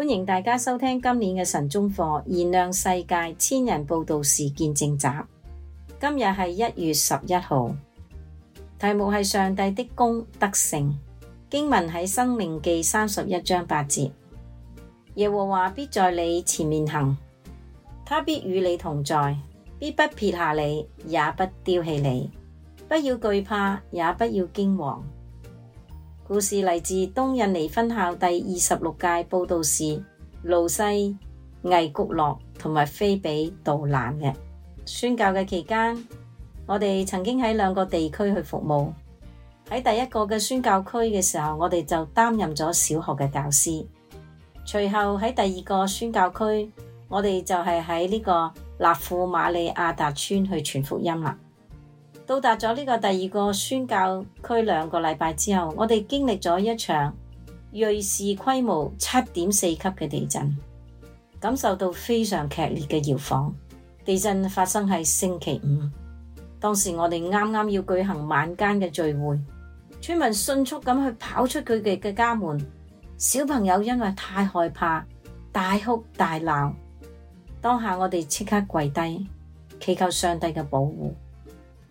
歡迎大家收聽今年嘅神中課《燃亮世界千人報道事件正集》。今是日係一月十一號，題目係上帝的功德聖經文喺《生命記》三十一章八節。耶和華必在你前面行，他必與你同在，必不撇下你，也不丟棄你。不要懼怕，也不要驚惶。故事嚟自東印尼分校第二十六屆佈道士盧西魏谷洛同埋菲比杜蘭嘅宣教嘅期間，我哋曾經喺兩個地區去服務。喺第一個嘅宣教區嘅時候，我哋就擔任咗小學嘅教師。隨後喺第二個宣教區，我哋就係喺呢個納富馬里亞達村去傳福音啦。到達咗呢個第二個宣教區兩個禮拜之後，我哋經歷咗一場芮氏規模七點四級嘅地震，感受到非常劇烈嘅搖晃。地震發生喺星期五，當時我哋啱啱要舉行晚間嘅聚會，村民迅速咁去跑出佢哋嘅家門。小朋友因為太害怕，大哭大鬧。當下我哋即刻跪低，祈求上帝嘅保護。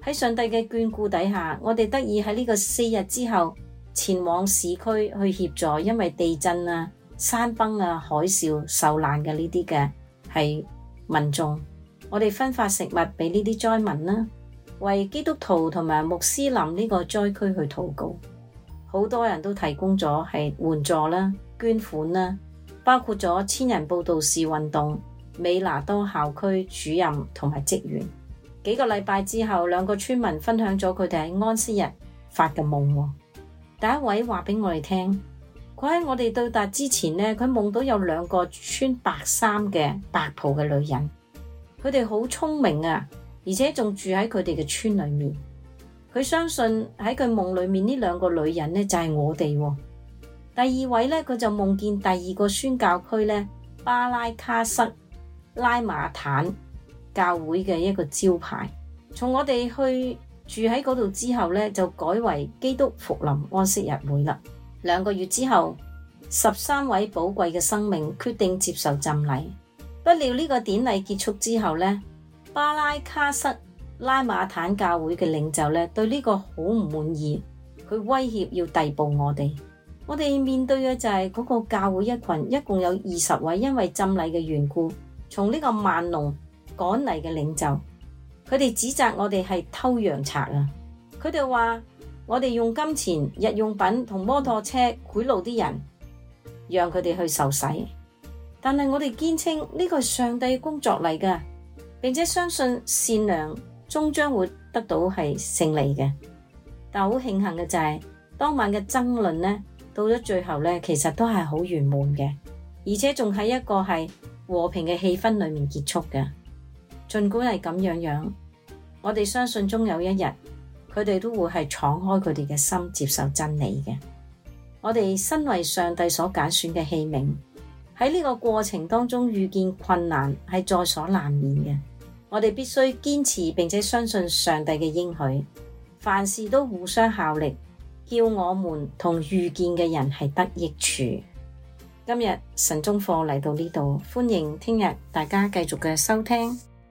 喺上帝嘅眷顧底下，我哋得以喺呢個四日之後前往市區去協助，因為地震啊、山崩啊、海嘯受難嘅呢啲嘅係民眾，我哋分發食物畀呢啲災民啦，為基督徒同埋穆斯林呢個災區去禱告，好多人都提供咗係援助啦、捐款啦，包括咗千人佈道士運動美拿多校區主任同埋職員。幾個禮拜之後，兩個村民分享咗佢哋喺安息日發嘅夢。第一位話俾我哋聽，佢喺我哋到達之前呢，佢夢到有兩個穿白衫嘅白袍嘅女人，佢哋好聰明啊，而且仲住喺佢哋嘅村裏面。佢相信喺佢夢裏面呢兩個女人呢，就係我哋。第二位呢，佢就夢見第二個宣教區呢，巴拉卡塞拉馬坦。教會嘅一個招牌，從我哋去住喺嗰度之後咧，就改為基督復臨安息日會啦。兩個月之後，十三位寶貴嘅生命決定接受浸禮。不料呢個典禮結束之後咧，巴拉卡塞拉馬坦教會嘅領袖咧對呢個好唔滿意，佢威脅要逮捕我哋。我哋面對嘅就係嗰個教會一群，一共有二十位，因為浸禮嘅緣故，從呢個萬隆趕嚟嘅領袖，佢哋指責我哋係偷羊賊啊！佢哋話我哋用金錢、日用品同摩托車賄賂啲人，讓佢哋去受洗。但係我哋堅稱呢個係上帝工作嚟㗎，並且相信善良終將會得到係勝利嘅。但好慶幸嘅就係當晚嘅爭論呢，到咗最後呢，其實都係好圓滿嘅，而且仲喺一個係和平嘅氣氛裡面結束嘅。儘管係咁樣樣，我哋相信，終有一日，佢哋都會係敞開佢哋嘅心，接受真理嘅。我哋身為上帝所揀選嘅器皿，喺呢個過程當中遇見困難係在所難免嘅。我哋必須堅持並且相信上帝嘅應許，凡事都互相效力，叫我們同遇見嘅人係得益處。今日晨鐘課嚟到呢度，歡迎聽日大家繼續嘅收聽。